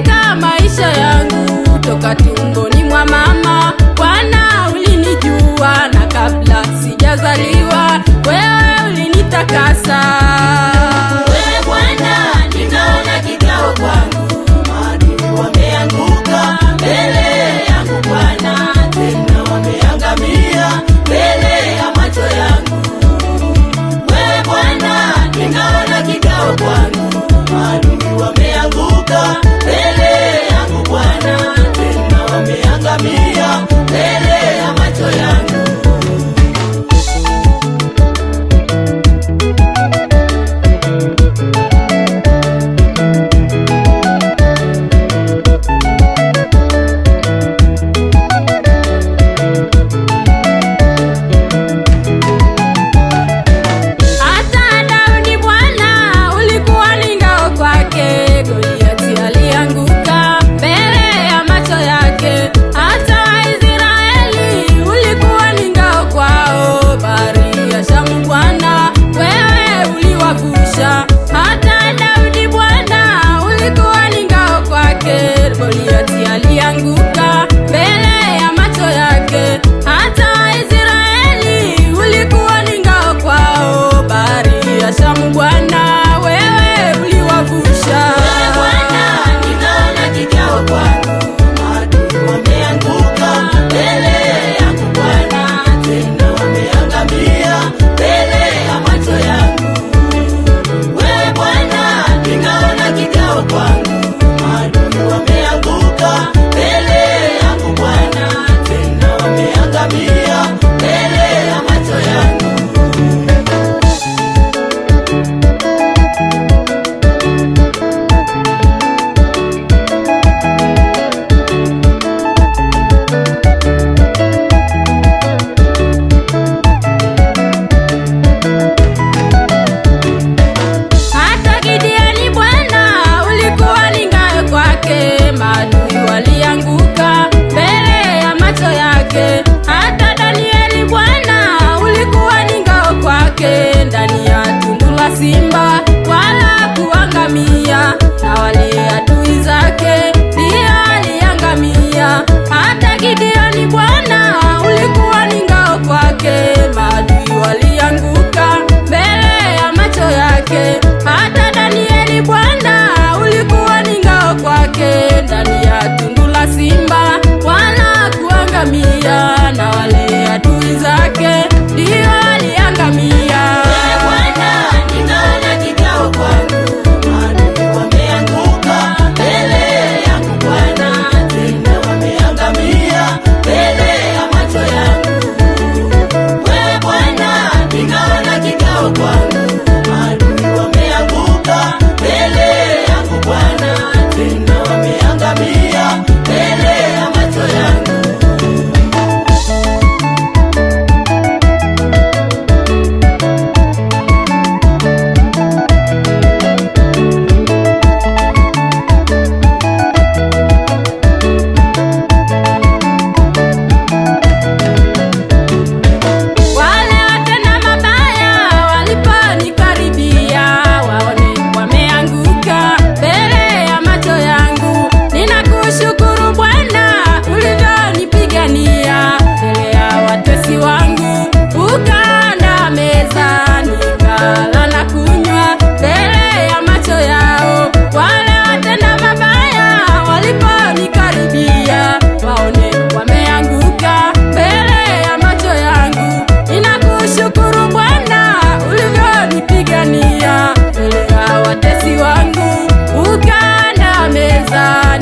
katika maisha yangu toka tumboni mwa mama. Bwana ulinijua na kabla sijazaliwa, wewe ulinitakasa. yeah.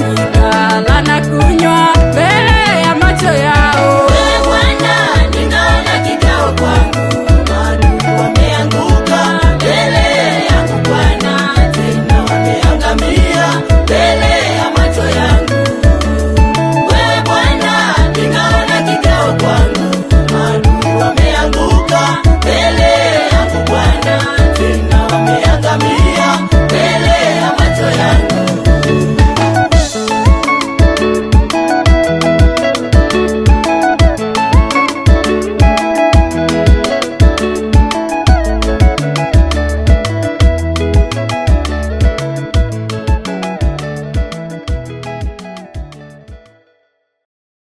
one.